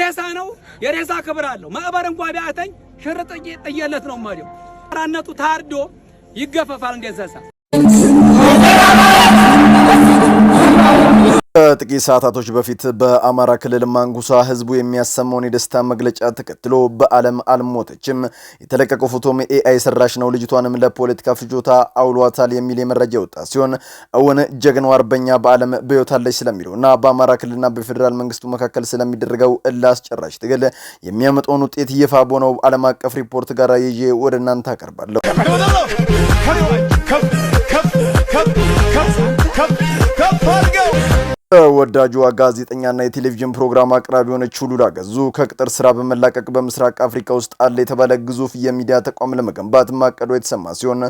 ሬሳ ነው፣ የሬሳ ክብር አለው። ማዕበር እንኳ ቢያተኝ ሽርጥ ጥየለት ነው ማዲው ራነቱ ታርዶ ይገፈፋል እንደዛሳ ከጥቂት ሰዓታቶች በፊት በአማራ ክልል ማንጉሳ ህዝቡ የሚያሰማውን የደስታ መግለጫ ተከትሎ በዓለም አልሞተችም የተለቀቀው ፎቶም ኤአይ ሰራሽ ነው ልጅቷንም ለፖለቲካ ፍጆታ አውሏታል የሚል የመረጃ የወጣ ሲሆን እውን ጀግናው አርበኛ በዓለም በሕይወታለች ስለሚለው እና በአማራ ክልልና በፌዴራል መንግስቱ መካከል ስለሚደረገው እላስጨራሽ አስጨራሽ ትግል የሚያመጣውን ውጤት ይፋ በሆነው ዓለም አቀፍ ሪፖርት ጋር ይዤ ወደ እናንተ አቀርባለሁ። ተወዳጇ ጋዜጠኛና የቴሌቪዥን ፕሮግራም አቅራቢ የሆነችው ሉላ ገዙ ከቅጥር ስራ በመላቀቅ በምስራቅ አፍሪካ ውስጥ አለ የተባለ ግዙፍ የሚዲያ ተቋም ለመገንባት ማቀዶ የተሰማ ሲሆን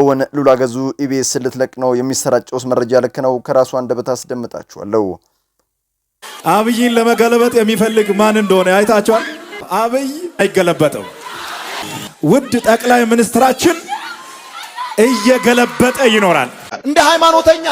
እውን ሉላ ገዙ ኢቢኤስ ልትለቅ ነው? የሚሰራጨውስ መረጃ ልክ ነው? ከራሱ አንደበት አስደምጣችኋለሁ። አብይን ለመገለበጥ የሚፈልግ ማን እንደሆነ አይታችኋል። አብይ አይገለበጥም። ውድ ጠቅላይ ሚኒስትራችን እየገለበጠ ይኖራል እንደ ሃይማኖተኛ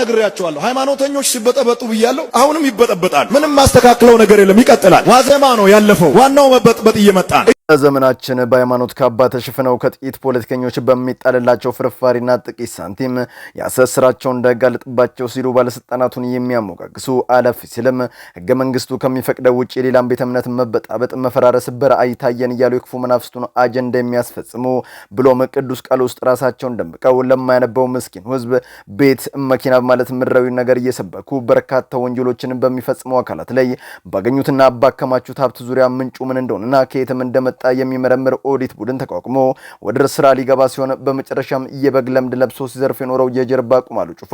ነግሬያቸዋለሁ። ሃይማኖተኞች ሲበጠበጡ ብያለሁ። አሁንም ይበጠበጣል። ምንም ማስተካክለው ነገር የለም። ይቀጥላል። ዋዜማ ነው ያለፈው። ዋናው መበጥበጥ እየመጣ ነው። በዘመናችን በሃይማኖት ካባ ተሸፍነው ከጥቂት ፖለቲከኞች በሚጣልላቸው ፍርፋሪና ጥቂት ሳንቲም ያሰስራቸው ስራቸው እንዳይጋለጥባቸው ሲሉ ባለስልጣናቱን የሚያሞጋግሱ አለፍ ሲልም ህገ መንግስቱ ከሚፈቅደው ውጭ ሌላም ቤተ እምነት መበጣበጥ፣ መፈራረስ በራእይ ታየን እያሉ የክፉ መናፍስቱን አጀንዳ የሚያስፈጽሙ ብሎም ቅዱስ ቃል ውስጥ ራሳቸውን ደምቀው ለማያነበው ምስኪን ህዝብ ቤት፣ መኪና ማለት ምድራዊ ነገር እየሰበኩ በርካታ ወንጀሎችን በሚፈጽሙ አካላት ላይ ባገኙትና አባከማችሁት ሀብት ዙሪያ ምንጩ ምን እንደሆነና ከየትም እንደመ እንዳልመጣ የሚመረምር ኦዲት ቡድን ተቋቁሞ ወደ ስራ ሊገባ ሲሆን በመጨረሻም የበግ ለምድ ለብሶ ሲዘርፍ የኖረው የጀርባ ቁማሉ ጩፋ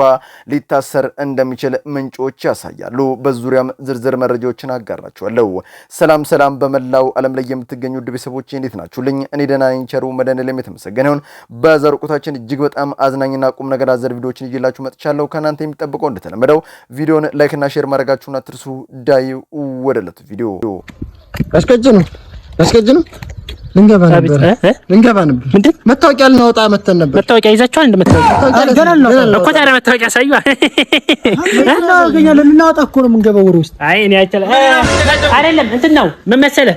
ሊታሰር እንደሚችል ምንጮች ያሳያሉ። በዙሪያም ዝርዝር መረጃዎችን አጋራችኋለሁ። ሰላም ሰላም፣ በመላው ዓለም ላይ የምትገኙ ውድ ቤተሰቦች እንዴት ናችሁልኝ? እኔ ደህና ነኝ። ቸሩ መድኃኔዓለም የተመሰገነ ይሁን። በዛሬው ቆይታችን እጅግ በጣም አዝናኝና ቁም ነገር አዘል ቪዲዮዎችን ይዤላችሁ መጥቻለሁ። ከእናንተ የሚጠብቀው እንደተለመደው ቪዲዮን ላይክና ሼር ማድረጋችሁን አትርሱ። ዳይ ወደለት ቪዲዮ አስቀጭ ነው አስገድኑ ልንገባ ነበር ልንገባ ነበር። ምንድን መታወቂያ ልናወጣ መተን ነበር። መታወቂያ ይዛችኋል? እንደ መታወቂያ እኮ። ታዲያ መታወቂያ ሳዩ እናገኛለን። የምናወጣ እኮ ነው የምንገባው ወር ውስጥ። አይ እኔ አይቻለ አይደለም እንትን ነው ምን መሰለህ፣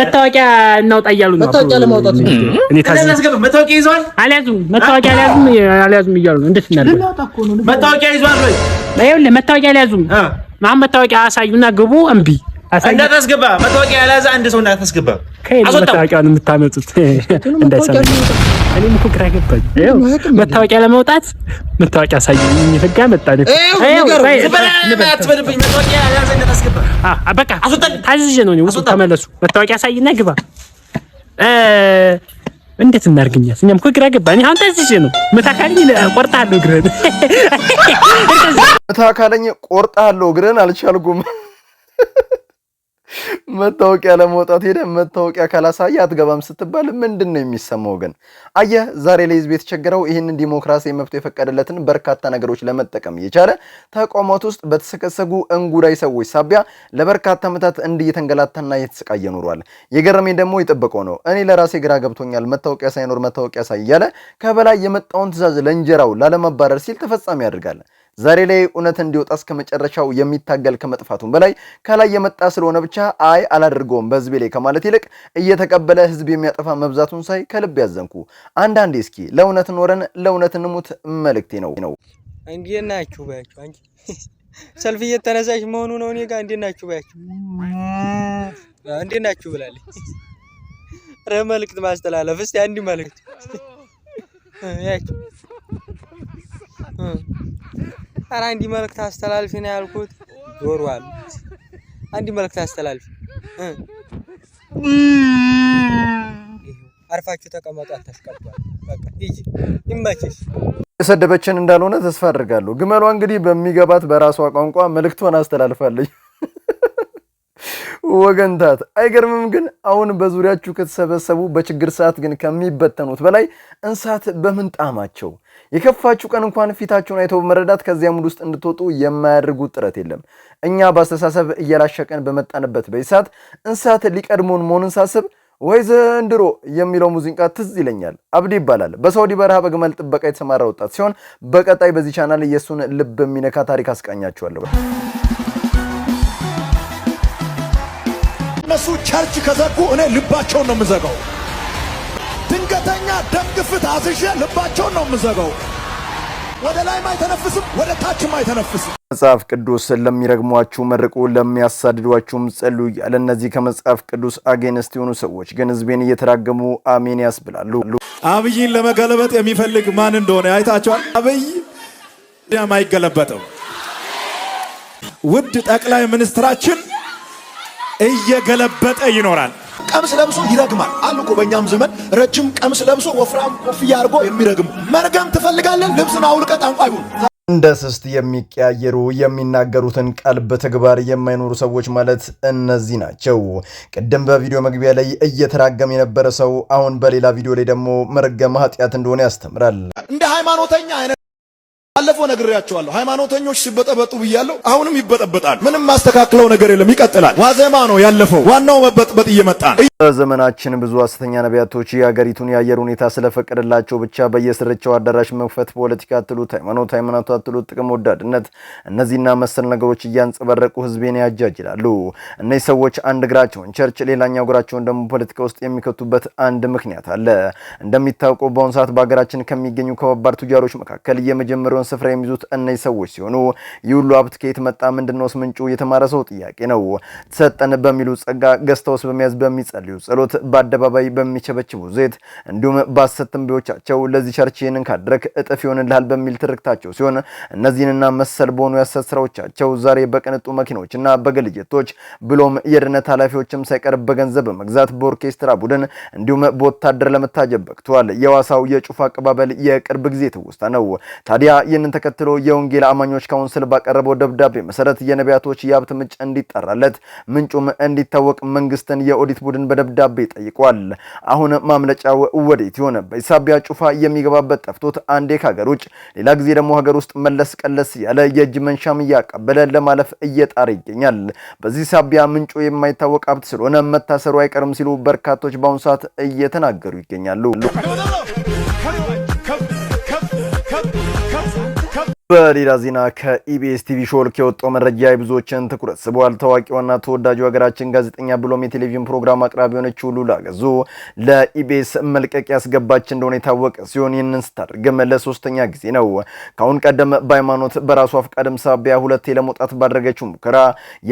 መታወቂያ እናውጣ እያሉ ነው። መታወቂያ ለማውጣት ነው። እኔ ታዲያ መታወቂያ ይዟል አልያዙም። መታወቂያ አልያዙም፣ አልያዙም እያሉ ነው። እንዴት መታወቂያ ይዟል ወይ? ይኸውልህ መታወቂያ አልያዙም። አሁን መታወቂያ አሳዩና ግቡ። እምቢ እንዳታስገባ መታወቂያ ያለያዘ አንድ ሰው እንዳታስገባ። መታወቂያውን የምታመጡት እኔም እኮ ግራ ገባኝ። መታወቂያ ለመውጣት መታወቂያ ሳይ የሚፈጋ መጣ። በቃ ታዝዤ ነው። ተመለሱ። መታወቂያ ሳይና ግባ። እንዴት እናርግኛት? እኛም እኮ ግራ ገባኝ። አሁን ታዝዤ ነው። መታካልኝ ቆርጣለሁ፣ እግርህን መታካልኝ ቆርጣለሁ፣ እግርህን አልቻልኩም መታወቂያ ለመውጣት ሄደ መታወቂያ ካላሳየ አትገባም ስትባል ምንድን ነው የሚሰማው? ግን አየህ ዛሬ ላይ ህዝብ የተቸገረው ይህንን ዲሞክራሲ መብት የፈቀደለትን በርካታ ነገሮች ለመጠቀም የቻለ ተቋማት ውስጥ በተሰገሰጉ እንጉዳይ ሰዎች ሳቢያ ለበርካታ ዓመታት እንዲህ የተሰቃየ ኑሯል። የገረመኝ ደግሞ የጠበቀው ነው። እኔ ለራሴ ግራ ገብቶኛል። መታወቂያ ሳይኖር መታወቂያ ሳይ እያለ ከበላይ የመጣውን ትእዛዝ ለእንጀራው ላለመባረር ሲል ተፈጻሚ ያደርጋል። ዛሬ ላይ እውነት እንዲወጣ እስከ መጨረሻው የሚታገል ከመጥፋቱም በላይ ከላይ የመጣ ስለሆነ ብቻ አይ አላደርገውም በህዝቤ ላይ ከማለት ይልቅ እየተቀበለ ህዝብ የሚያጠፋ መብዛቱን ሳይ ከልብ ያዘንኩ። አንዳንዴ እስኪ ለእውነት ኖረን ለእውነት እንሙት መልእክቴ ነው ነው። እንዴት ናችሁ ባያችሁ፣ አንቺ ሰልፍ እየተነሳሽ መሆኑ ነው። እኔ ጋ እንዴት ናችሁ ባያችሁ፣ እንዴት ናችሁ ብላለች። መልእክት ማስተላለፍ እስኪ አንድ መልእክት ያችሁ አረ አንድ መልዕክት አስተላልፊ ነው ያልኩት። ጆሮ አለ አንድ መልዕክት አስተላልፊ። አርፋችሁ ተቀመጡ፣ አታስቀባል። በቃ ሂጂ፣ ይመችሽ። የሰደበችን እንዳልሆነ ተስፋ አድርጋለሁ። ግመሏ እንግዲህ በሚገባት በራሷ ቋንቋ መልዕክቷን አስተላልፋለች። ወገንታት አይገርምም? ግን አሁን በዙሪያችሁ ከተሰበሰቡ በችግር ሰዓት ግን ከሚበተኑት በላይ እንስሳት በምንጣማቸው የከፋችሁ ቀን እንኳን ፊታችሁን አይተው በመረዳት ከዚያ ሙድ ውስጥ እንድትወጡ የማያደርጉት ጥረት የለም። እኛ በአስተሳሰብ እያላሸቀን በመጣንበት በዚህ ሰዓት እንስሳት ሊቀድሙን መሆኑን ሳስብ ወይ ዘንድሮ የሚለው ሙዚቃ ትዝ ይለኛል። አብዲ ይባላል። በሳውዲ በረሃ በግመል ጥበቃ የተሰማራ ወጣት ሲሆን በቀጣይ በዚህ ቻናል የእሱን ልብ የሚነካ ታሪክ አስቃኛችኋለሁ። እነሱ ቸርች ከዘጉ እኔ ልባቸውን ነው የምዘጋው። ድንገተኛ ደም ግፍት አዝዤ ልባቸውን ነው የምዘጋው። ወደ ላይም አይተነፍስም፣ ወደ ታችም አይተነፍስም። መጽሐፍ ቅዱስ ለሚረግሟችሁ መርቁ፣ ለሚያሳድዷችሁም ጸሉ እያለ እነዚህ ከመጽሐፍ ቅዱስ አጌንስት የሆኑ ሰዎች ግን ህዝቤን እየተራገሙ አሜን ያስብላሉ። አብይን ለመገለበጥ የሚፈልግ ማን እንደሆነ አይታቸዋል። አብይ አይገለበጥም። ውድ ጠቅላይ ሚኒስትራችን እየገለበጠ ይኖራል። ቀሚስ ለብሶ ይረግማል አሉ እኮ በእኛም ዘመን ረጅም ቀሚስ ለብሶ ወፍራም ኮፍያ አድርጎ የሚረግም መርገም ትፈልጋለን? ልብስን አውልቀ ጣንቋ ይሁን እንደ ስስት የሚቀያየሩ የሚናገሩትን ቀልብ በተግባር የማይኖሩ ሰዎች ማለት እነዚህ ናቸው። ቅድም በቪዲዮ መግቢያ ላይ እየተራገም የነበረ ሰው አሁን በሌላ ቪዲዮ ላይ ደግሞ መርገም ኃጢአት እንደሆነ ያስተምራል እንደ ሃይማኖተኛ ባለፈው ነግሬያቸዋለሁ። ሃይማኖተኞች ሲበጠበጡ ብያለሁ። አሁንም ይበጠበጣል። ምንም ማስተካክለው ነገር የለም። ይቀጥላል። ዋዜማ ነው ያለፈው። ዋናው መበጥበጥ እየመጣ ነው። በዘመናችን ብዙ ሐሰተኛ ነቢያቶች የሀገሪቱን የአየር ሁኔታ ስለፈቀደላቸው ብቻ በየስርቻው አዳራሽ መክፈት፣ ፖለቲካ አትሉት፣ ሃይማኖት ሃይማኖት አትሉት፣ ጥቅም ወዳድነት፣ እነዚህና መሰል ነገሮች እያንጸባረቁ ህዝቤን ያጃጅላሉ። እነዚህ ሰዎች አንድ እግራቸውን ቸርች፣ ሌላኛው እግራቸውን ደግሞ ፖለቲካ ውስጥ የሚከቱበት አንድ ምክንያት አለ። እንደሚታወቀው በአሁኑ ሰዓት በሀገራችን ከሚገኙ ከባባድ ቱጃሮች መካከል የመጀመሪያውን ዋነኛውን ስፍራ የሚይዙት እነዚህ ሰዎች ሲሆኑ ይህ ሁሉ ሀብት ከየት መጣ? ምንድነውስ ምንጩ? የተማረ ሰው ጥያቄ ነው። ተሰጠን በሚሉ ጸጋ ገዝተውስ በመያዝ በሚጸልዩ ጸሎት፣ በአደባባይ በሚቸበችቡ ዘት እንዲሁም በሐሰት ትንቢቶቻቸው ለዚህ ቸርች ይህንን ካድረክ እጥፍ ይሆንልሃል በሚል ትርክታቸው ሲሆን እነዚህንና መሰል በሆኑ ያሰት ስራዎቻቸው ዛሬ በቅንጡ መኪናዎችና በግል ብሎም የድነት ኃላፊዎችም ሳይቀር በገንዘብ በመግዛት በኦርኬስትራ ቡድን እንዲሁም በወታደር ለመታጀብ በቅተዋል። የዋሳው የጩፋ አቀባበል የቅርብ ጊዜ ትውስታ ነው። ታዲያ ይህንን ተከትሎ የወንጌል አማኞች ካውንስል ባቀረበው ደብዳቤ መሰረት የነቢያቶች የሀብት ምንጭ እንዲጠራለት ምንጩም እንዲታወቅ መንግስትን የኦዲት ቡድን በደብዳቤ ጠይቋል። አሁን ማምለጫው ወዴት ይሆን? በኢሳቢያ ጩፋ የሚገባበት ጠፍቶት አንዴ ከሀገር ውጭ ሌላ ጊዜ ደግሞ ሀገር ውስጥ መለስ ቀለስ ያለ የእጅ መንሻም እያቀበለ ለማለፍ እየጣረ ይገኛል። በዚህ ሳቢያ ምንጩ የማይታወቅ ሀብት ስለሆነ መታሰሩ አይቀርም ሲሉ በርካቶች በአሁኑ ሰዓት እየተናገሩ ይገኛሉ። በሌላ ዜና ከኢቢኤስ ቲቪ ሾልክ የወጣው መረጃ የብዙዎችን ትኩረት ስቧል። ታዋቂዋና ተወዳጁ ሀገራችን ጋዜጠኛ ብሎም የቴሌቪዥን ፕሮግራም አቅራቢ የሆነችው ሉላ ገዙ ለኢቢኤስ መልቀቅ ያስገባች እንደሆነ የታወቀ ሲሆን ይህንን ስታደርግም ለሶስተኛ ጊዜ ነው። ከአሁን ቀደም በሃይማኖት በራሷ ፍቃድም ሳቢያ ሁለቴ ለመውጣት ባደረገችው ሙከራ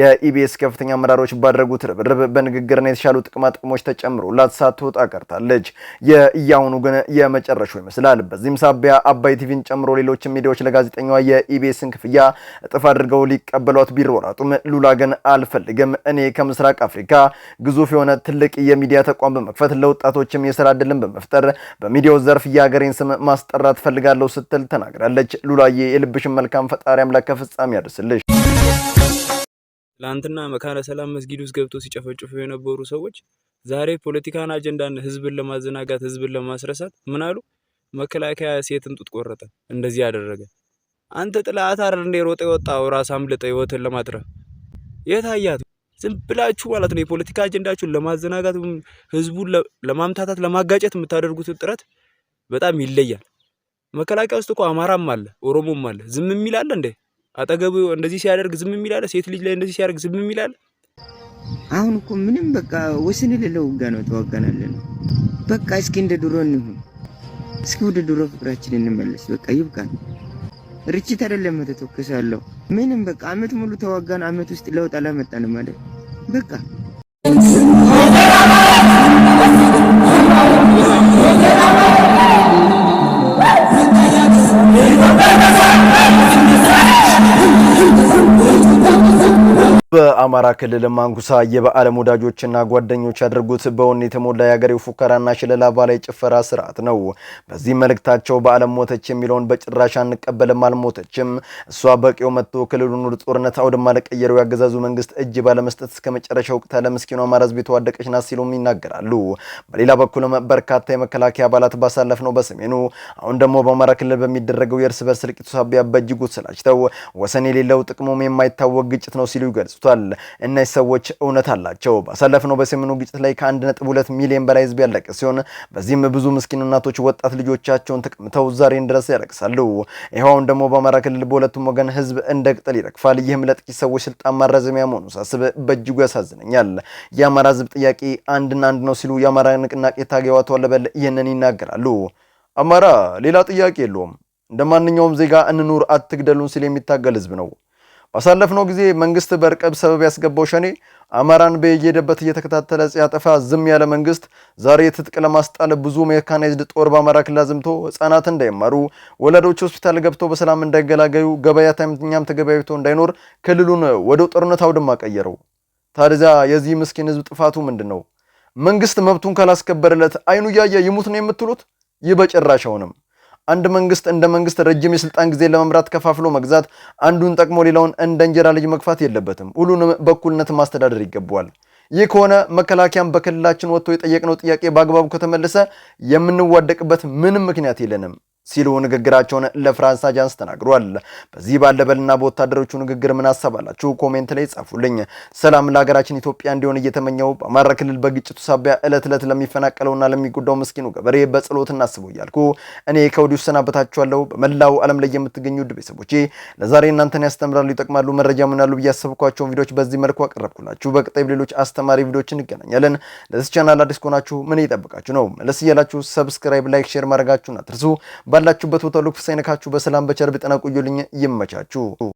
የኢቢኤስ ከፍተኛ አመራሮች ባደረጉት ርብርብ በንግግርና የተሻሉ ጥቅማ ጥቅሞች ተጨምሮላት ሳትወጣ ቀርታለች። የእያሁኑ ግን የመጨረሻው ይመስላል። በዚህም ሳቢያ አባይ ቲቪን ጨምሮ ሌሎችም ሚዲያዎች ለጋዜጠኛ በአብዛኛዋ የኢቤስን ክፍያ እጥፍ አድርገው ሊቀበሏት ቢሯሯጡም ሉላ ግን አልፈልግም፣ እኔ ከምስራቅ አፍሪካ ግዙፍ የሆነ ትልቅ የሚዲያ ተቋም በመክፈት ለወጣቶችም የስራ እድልን በመፍጠር በሚዲያው ዘርፍ የሀገሬን ስም ማስጠራት ፈልጋለሁ ስትል ተናግራለች። ሉላዬ የልብሽን መልካም ፈጣሪ አምላክ ከፍጻሜ ያደርስልሽ። ትላንትና መካነ ሰላም መስጊድ ውስጥ ገብቶ ሲጨፈጭፉ የነበሩ ሰዎች ዛሬ ፖለቲካን አጀንዳን ህዝብን ለማዘናጋት ህዝብን ለማስረሳት ምን አሉ? መከላከያ ሴትን ጡት ቆረጠ፣ እንደዚህ ያደረገ አንተ ጥላት አረ እንደ ሮጠ የወጣው ራስ አምልጠ ህይወትን ለማትረፍ የታያት ዝም ብላችሁ ማለት ነው። የፖለቲካ አጀንዳችሁን ለማዘናጋት ህዝቡን ለማምታታት ለማጋጨት የምታደርጉት ጥረት በጣም ይለያል። መከላከያ ውስጥ እኮ አማራም አለ፣ ኦሮሞም አለ። ዝም የሚል አለ እንዴ? አጠገቡ እንደዚህ ሲያደርግ ዝም የሚል አለ? ሴት ልጅ ላይ እንደዚህ ሲያደርግ ዝም የሚል አለ? አሁን እኮ ምንም በቃ ወስን ልለው ውጋ ነው ተዋጋናለን። በቃ እስኪ እንደ ድሮ እንሁን። እስኪ ወደ ድሮ ፍቅራችን እንመለስ። በቃ ይብቃል። ርችት አይደለም ተተኮሰ ያለው ምንም በቃ አመት ሙሉ ተዋጋን። አመት ውስጥ ለውጥ አላመጣንም ማለት በቃ በአማራ ክልል ማንኩሳ የበዓለም ወዳጆችና ጓደኞች ያደርጉት በውን የተሞላ የአገሬው ፉከራና ሽለላ ባላይ ጭፈራ ስርዓት ነው። በዚህ መልእክታቸው በዓለም ሞተች የሚለውን በጭራሽ አንቀበልም፣ አልሞተችም፣ እሷ በቂው መጥቶ ክልሉን ወደ ጦርነት አውድማ ለቀየረው ያገዛዙ መንግስት እጅ ባለመስጠት እስከ መጨረሻ ወቅት ለምስኪኑ አማራ ሕዝብ የተዋደቀች ናት ሲሉም ይናገራሉ። በሌላ በኩልም በርካታ የመከላከያ አባላት ባሳለፍ ነው በሰሜኑ አሁን ደግሞ በአማራ ክልል በሚደረገው የእርስ በርስ እልቂቱ ሳቢያ በእጅጉ ስላችተው ወሰን የሌለው ጥቅሙም የማይታወቅ ግጭት ነው ሲሉ ይገልጹ ተከስቷል። እነዚህ ሰዎች እውነት አላቸው። ባሳለፍነው በሰሜኑ ግጭት ላይ ከአንድ ነጥብ ሁለት ሚሊዮን በላይ ህዝብ ያለቀ ሲሆን በዚህም ብዙ ምስኪን እናቶች ወጣት ልጆቻቸውን ተቀምተው ዛሬን ድረስ ያለቅሳሉ። ይኸውም ደግሞ በአማራ ክልል በሁለቱም ወገን ህዝብ እንደ ቅጠል ይረግፋል። ይህም ለጥቂት ሰዎች ስልጣን ማራዘሚያ መሆኑ ሳስብ በእጅጉ ያሳዝነኛል። የአማራ ህዝብ ጥያቄ አንድና አንድ ነው ሲሉ የአማራ ንቅናቄ ታገዋ አቶ ይህንን ይናገራሉ። አማራ ሌላ ጥያቄ የለውም፣ እንደ ማንኛውም ዜጋ እንኑር፣ አትግደሉን ሲል የሚታገል ህዝብ ነው። ባሳለፍነው ጊዜ መንግስት በርቀብ ሰበብ ያስገባው ሸኔ አማራን በየሄደበት እየተከታተለ ሲያጠፋ ዝም ያለ መንግስት ዛሬ ትጥቅ ለማስጣል ብዙ ሜካናይዝድ ጦር በአማራ ክልል አዝምቶ ህጻናት እንዳይማሩ፣ ወላዶች ሆስፒታል ገብተው በሰላም እንዳይገላገዩ፣ ገበያተኛም ተገበያይቶ እንዳይኖር ክልሉን ወደ ጦርነት አውድማ ቀየረው። ታዲያ የዚህ ምስኪን ህዝብ ጥፋቱ ምንድን ነው? መንግስት መብቱን ካላስከበረለት አይኑ እያየ ይሙት ነው የምትሉት? ይህ በጭራሽ አይሆንም። አንድ መንግስት እንደ መንግስት ረጅም የስልጣን ጊዜ ለመምራት ከፋፍሎ መግዛት፣ አንዱን ጠቅሞ ሌላውን እንደ እንጀራ ልጅ መግፋት የለበትም። ሁሉንም በእኩልነት ማስተዳደር ይገባዋል። ይህ ከሆነ መከላከያም በክልላችን ወጥቶ የጠየቅነው ጥያቄ በአግባቡ ከተመለሰ የምንዋደቅበት ምንም ምክንያት የለንም። ሲሉ ንግግራቸውን ለፍራንስ አጃንስ ተናግሯል። በዚህ ባለበልና በወታደሮቹ ንግግር ምን ሀሳብ አላችሁ? ኮሜንት ላይ ጻፉልኝ። ሰላም ለሀገራችን ኢትዮጵያ እንዲሆን እየተመኘው በአማራ ክልል በግጭቱ ሳቢያ እለት እለት ለሚፈናቀለውና ለሚጎዳው ምስኪኑ ገበሬ በጸሎት እናስቡ እያልኩ እኔ ከወዲሁ ሰናበታችኋለሁ። በመላው ዓለም ላይ የምትገኙ ውድ ቤተሰቦቼ ለዛሬ እናንተን ያስተምራሉ፣ ይጠቅማሉ፣ መረጃ ምናሉ ብዬ ያሰብኳቸውን ቪዲዮዎች በዚህ መልኩ አቀረብኩላችሁ። በቀጣይ ሌሎች አስተማሪ ቪዲዮዎች እንገናኛለን። ለዚህ ቻናል አዲስ ከሆናችሁ ምን እየጠበቃችሁ ነው? መለስ እያላችሁ ሰብስክራይብ፣ ላይክ፣ ሼር ማድረጋችሁን አትርሱ። ባላችሁበት ቦታ ሁሉ ክፉ ሳይነካችሁ በሰላም በቸር በጤና ቆዩልኝ። ይመቻችሁ።